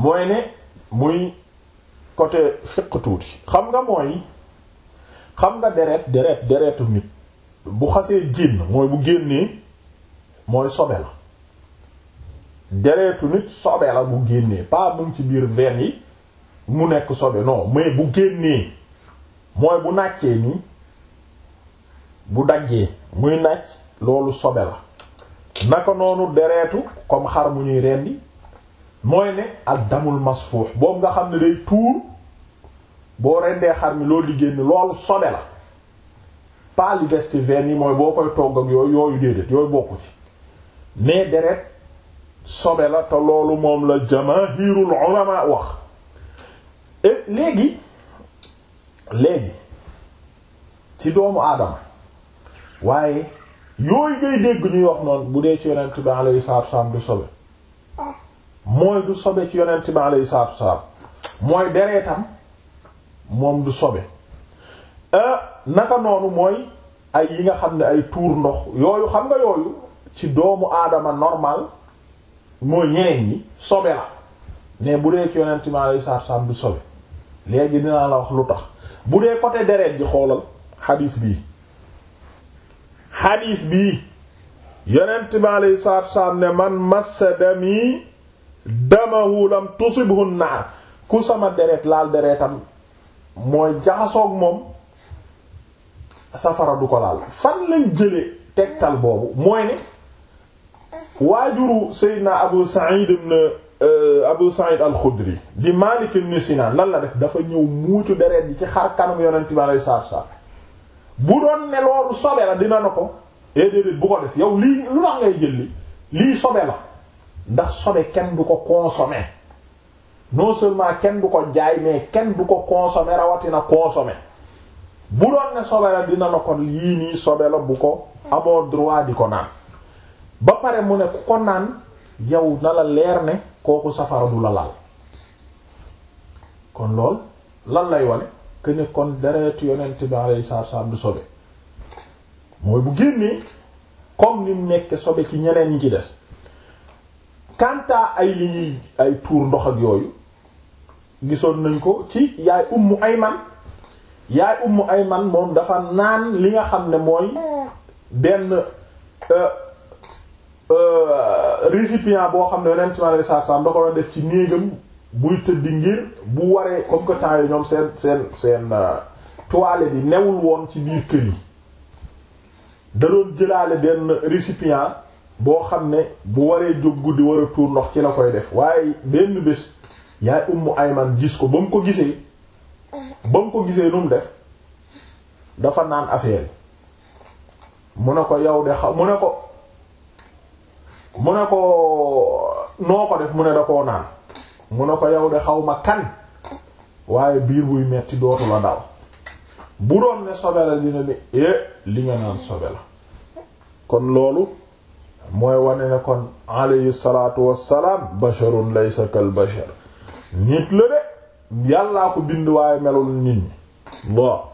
mooy ne muy côté fiq tuuti xam nga mooy xam nga deret deret deretu nit bu xasee génn mooy bu génnee mooy sobe la deretu nit sobe la bu génnee pas mu ci biir veine yi mu nekk sobe non mais bu génnee mooy bu nàccee nii bu daggee muy nàcc loolu sobe la naka noonu deretu comme xar mu ñuy rendi mooy ne ak damul masfuux boobu nga xam ne day tuur boo rendee xar mi loolu di génn loolu sobe la pas li des yi mooy boo koy togg ak yooyu yooyu déedéet yooyu bokku ci mais deret sobe la te loolu moom la jamaahirul ulama wax léegi léegi ci doomu aadama waaye yooyu ngay dégg ñuy wax noonu bu dee ci yonent bi alayhi salaatu wa salaam sobe mooy du sobe ci yonent bi alayhi salaatu mooy dereetam moom du sobe euh, naka noonu mooy ay yi nga xam ne ay tuur ndox yooyu xam nga yooyu ci doomu aadama normal mooy ñeneen ñi sobe la mais bu dee ci yonent bi alayhi salaatu du sobe léegi dinaa la wax lu tax bu dee côté deret ji xoolal xadiis bii xadiis bii yonent bi alayhi salaatu wasalaam ne man massa dami damahu lam tusibhu naar ku sama deret laal deretam mooy jaxasoog moom safara du ko laal fan lañ jële tegtal boobu mooy ne waajuru Seydina Abu Sa'id ibn euh, Abu Sa'id al-Khudri di Malik ibn Sinan lan la def dafa ñëw muucu deret ji ci xar kanam yonent bi alei saatu salam bu doon ne sobe la dina na ko ee eh, déedéet bu ko def yow lii lu tax ngay jël lii sobe la ndax sobe kenn du ko consommer non seulement kenn du ko jaay mais kenn du ko consommer rawatina consommer bu doon ne sobe la dina la ko yii nii sobe la bu ko amoo droit di ko naan ba pare mu ne ku ko naan yow na la leer ne kooku safara du la laal kon lool lan lay wane que ne kon deretu yonent bi alayhi salaam du sobe mooy bu génnee comme ni mu sobe ci ñeneen ñi ci des kanta ay li ñuy ay tuur ndox ak yooyu gisoon nañ ko ci yaay ummu ayman yaay ay man moom dafa naan li nga xam ne mooy benn euh, euh, récipient boo xam ne yonent mi alayhi salaatu salaam da ko def ci néegam buy tëddi ngir bu waree comme que ñoom seen seen seen euh, toilette bi newul woon ci biir kër yi da jëlaale benn récipient boo xam ne bu waree jóg guddi war a ndox ci la koy def waaye benn bés yaay ummu ayman gis ko ba mu ko gisee ba mu ko gisee nu mu def dafa naan affaire mu ne ko yow de xam mu ne ko mu ne ko noo ko def mu ne da koo naan mu ne ko yow xaw ma kan waaye biir buy metti dootu la daw bu doon ne sobe la dina ne eh li nga naan sobe la kon loolu mooy wane ne kon alayhi salaatu wassalaam basharun laysa kal bashar nit la de yàllaa ko bind waaye melul nit ñi bon